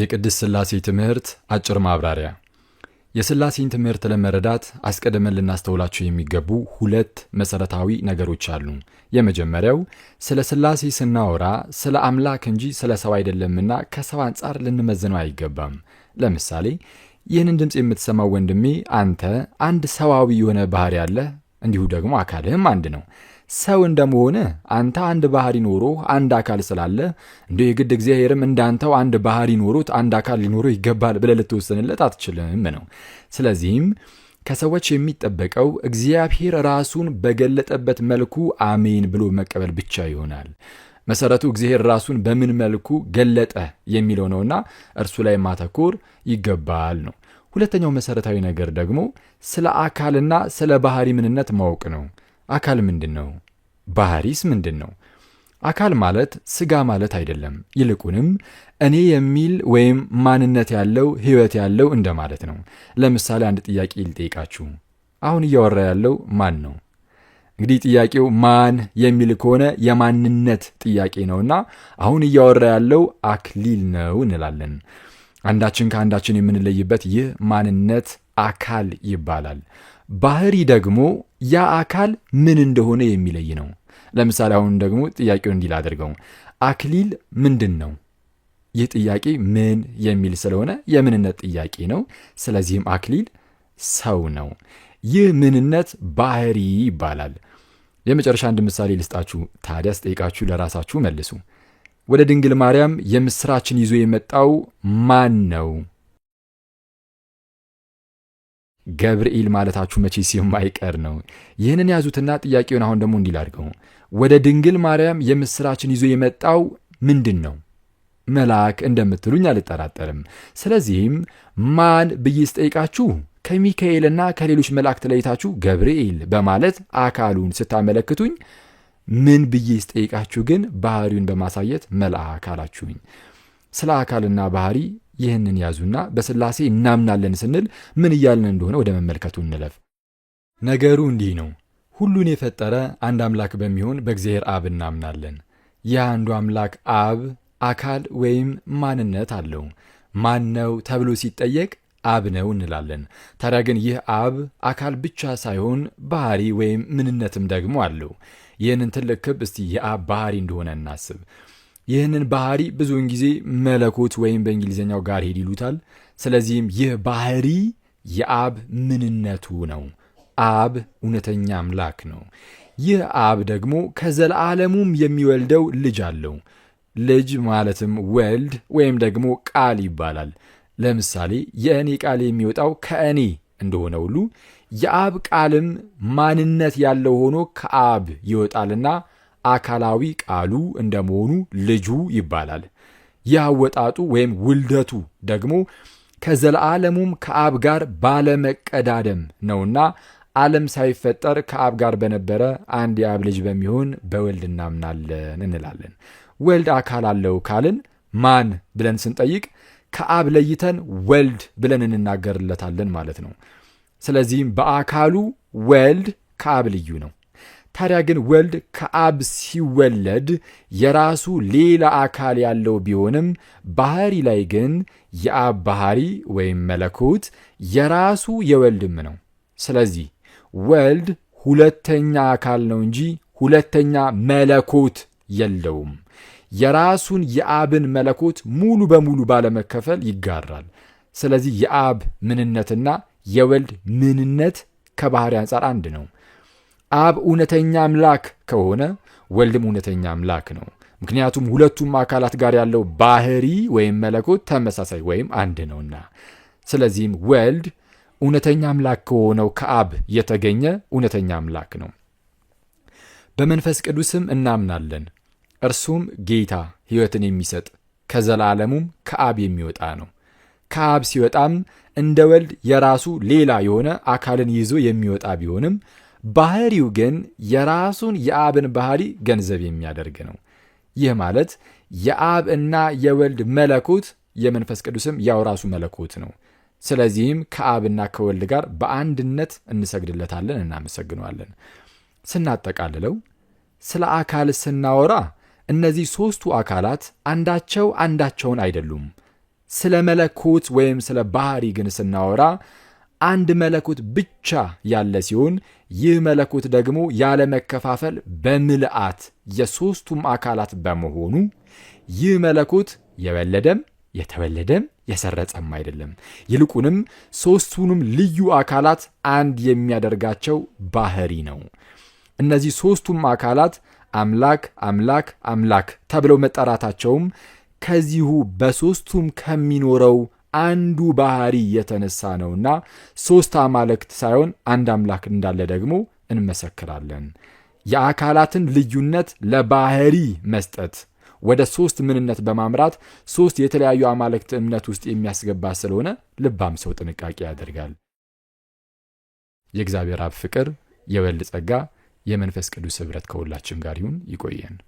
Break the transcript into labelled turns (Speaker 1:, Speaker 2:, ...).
Speaker 1: የቅድስት ሥላሴ ትምህርት አጭር ማብራሪያ። የሥላሴን ትምህርት ለመረዳት አስቀድመን ልናስተውላቸው የሚገቡ ሁለት መሠረታዊ ነገሮች አሉ። የመጀመሪያው ስለ ሥላሴ ስናወራ ስለ አምላክ እንጂ ስለ ሰው አይደለምና ከሰው አንጻር ልንመዝነው አይገባም። ለምሳሌ ይህንን ድምፅ የምትሰማው ወንድሜ አንተ አንድ ሰዋዊ የሆነ ባህሪ ያለህ እንዲሁ ደግሞ አካልህም አንድ ነው። ሰው እንደመሆነ አንተ አንድ ባህሪ ኖሮ አንድ አካል ስላለ እንዲ የግድ እግዚአብሔርም እንዳንተው አንድ ባህሪ ኖሮት አንድ አካል ሊኖረው ይገባል ብለህ ልትወሰንለት አትችልም ነው። ስለዚህም ከሰዎች የሚጠበቀው እግዚአብሔር ራሱን በገለጠበት መልኩ አሜን ብሎ መቀበል ብቻ ይሆናል። መሰረቱ እግዚአብሔር ራሱን በምን መልኩ ገለጠ የሚለው ነውና እርሱ ላይ ማተኮር ይገባል ነው። ሁለተኛው መሰረታዊ ነገር ደግሞ ስለ አካልና ስለ ባህሪ ምንነት ማወቅ ነው። አካል ምንድን ነው? ባህሪስ ምንድን ነው? አካል ማለት ስጋ ማለት አይደለም። ይልቁንም እኔ የሚል ወይም ማንነት ያለው ህይወት ያለው እንደማለት ነው። ለምሳሌ አንድ ጥያቄ ልጠይቃችሁ። አሁን እያወራ ያለው ማን ነው? እንግዲህ ጥያቄው ማን የሚል ከሆነ የማንነት ጥያቄ ነውና አሁን እያወራ ያለው አክሊል ነው እንላለን። አንዳችን ከአንዳችን የምንለይበት ይህ ማንነት አካል ይባላል። ባህሪ ደግሞ ያ አካል ምን እንደሆነ የሚለይ ነው። ለምሳሌ አሁን ደግሞ ጥያቄውን እንዲል አድርገው አክሊል ምንድን ነው? ይህ ጥያቄ ምን የሚል ስለሆነ የምንነት ጥያቄ ነው። ስለዚህም አክሊል ሰው ነው። ይህ ምንነት ባህሪ ይባላል። የመጨረሻ አንድ ምሳሌ ልስጣችሁ፣ ታዲያ ስጠይቃችሁ ለራሳችሁ መልሱ። ወደ ድንግል ማርያም የምሥራችን ይዞ የመጣው ማን ነው? ገብርኤል ማለታችሁ መቼ ሲሆን አይቀር ነው። ይህንን ያዙትና ጥያቄውን አሁን ደግሞ እንዲህ አድርገው ወደ ድንግል ማርያም የምሥራችን ይዞ የመጣው ምንድን ነው? መልአክ እንደምትሉኝ አልጠራጠርም። ስለዚህም ማን ብዬ ስጠይቃችሁ ከሚካኤልና ከሌሎች መላእክት ለይታችሁ ገብርኤል በማለት አካሉን ስታመለክቱኝ ምን ብዬ ስጠይቃችሁ ግን ባህሪውን በማሳየት መልአክ አላችሁኝ። ስለ አካልና ባህሪ ይህንን ያዙና በስላሴ እናምናለን ስንል ምን እያልን እንደሆነ ወደ መመልከቱ እንለፍ። ነገሩ እንዲህ ነው። ሁሉን የፈጠረ አንድ አምላክ በሚሆን በእግዚአብሔር አብ እናምናለን። ይህ አንዱ አምላክ አብ አካል ወይም ማንነት አለው። ማን ነው ተብሎ ሲጠየቅ አብ ነው እንላለን። ታዲያ ግን ይህ አብ አካል ብቻ ሳይሆን ባህሪ ወይም ምንነትም ደግሞ አለው። ይህንን ትልቅ ክብ እስቲ የአብ ባህሪ እንደሆነ እናስብ። ይህንን ባህሪ ብዙውን ጊዜ መለኮት ወይም በእንግሊዝኛው ሄድ ይሉታል። ስለዚህም ይህ ባህሪ የአብ ምንነቱ ነው። አብ እውነተኛ አምላክ ነው። ይህ አብ ደግሞ ከዘላለሙም የሚወልደው ልጅ አለው። ልጅ ማለትም ወልድ ወይም ደግሞ ቃል ይባላል። ለምሳሌ የእኔ ቃል የሚወጣው ከእኔ እንደሆነ ሁሉ የአብ ቃልም ማንነት ያለው ሆኖ ከአብ ይወጣልና አካላዊ ቃሉ እንደመሆኑ ልጁ ይባላል። ያወጣጡ አወጣጡ ወይም ውልደቱ ደግሞ ከዘለዓለሙም ከአብ ጋር ባለመቀዳደም ነውና ዓለም ሳይፈጠር ከአብ ጋር በነበረ አንድ የአብ ልጅ በሚሆን በወልድ እናምናለን እንላለን። ወልድ አካል አለው ካልን ማን ብለን ስንጠይቅ ከአብ ለይተን ወልድ ብለን እንናገርለታለን ማለት ነው። ስለዚህም በአካሉ ወልድ ከአብ ልዩ ነው። ታዲያ ግን ወልድ ከአብ ሲወለድ የራሱ ሌላ አካል ያለው ቢሆንም ባህሪ ላይ ግን የአብ ባህሪ ወይም መለኮት የራሱ የወልድም ነው። ስለዚህ ወልድ ሁለተኛ አካል ነው እንጂ ሁለተኛ መለኮት የለውም። የራሱን የአብን መለኮት ሙሉ በሙሉ ባለመከፈል ይጋራል። ስለዚህ የአብ ምንነትና የወልድ ምንነት ከባህሪ አንጻር አንድ ነው። አብ እውነተኛ አምላክ ከሆነ ወልድም እውነተኛ አምላክ ነው። ምክንያቱም ሁለቱም አካላት ጋር ያለው ባህሪ ወይም መለኮት ተመሳሳይ ወይም አንድ ነውና። ስለዚህም ወልድ እውነተኛ አምላክ ከሆነው ከአብ የተገኘ እውነተኛ አምላክ ነው። በመንፈስ ቅዱስም እናምናለን። እርሱም ጌታ ሕይወትን የሚሰጥ ከዘላለሙም ከአብ የሚወጣ ነው። ከአብ ሲወጣም እንደ ወልድ የራሱ ሌላ የሆነ አካልን ይዞ የሚወጣ ቢሆንም ባህሪው ግን የራሱን የአብን ባህሪ ገንዘብ የሚያደርግ ነው። ይህ ማለት የአብ እና የወልድ መለኮት የመንፈስ ቅዱስም ያው ራሱ መለኮት ነው። ስለዚህም ከአብና ከወልድ ጋር በአንድነት እንሰግድለታለን፣ እናመሰግነዋለን። ስናጠቃልለው ስለ አካል ስናወራ እነዚህ ሦስቱ አካላት አንዳቸው አንዳቸውን አይደሉም። ስለ መለኮት ወይም ስለ ባህሪ ግን ስናወራ አንድ መለኮት ብቻ ያለ ሲሆን ይህ መለኮት ደግሞ ያለ መከፋፈል በምልአት የሦስቱም አካላት በመሆኑ ይህ መለኮት የወለደም የተወለደም የሰረጸም አይደለም። ይልቁንም ሦስቱንም ልዩ አካላት አንድ የሚያደርጋቸው ባህሪ ነው። እነዚህ ሦስቱም አካላት አምላክ አምላክ አምላክ ተብለው መጠራታቸውም ከዚሁ በሦስቱም ከሚኖረው አንዱ ባህሪ የተነሳ ነውና ሦስት አማልክት ሳይሆን አንድ አምላክ እንዳለ ደግሞ እንመሰክራለን። የአካላትን ልዩነት ለባህሪ መስጠት ወደ ሶስት ምንነት በማምራት ሦስት የተለያዩ አማልክት እምነት ውስጥ የሚያስገባ ስለሆነ ልባም ሰው ጥንቃቄ ያደርጋል። የእግዚአብሔር አብ ፍቅር የወልድ ጸጋ የመንፈስ ቅዱስ ኅብረት ከሁላችን ጋር ይሁን። ይቆየን።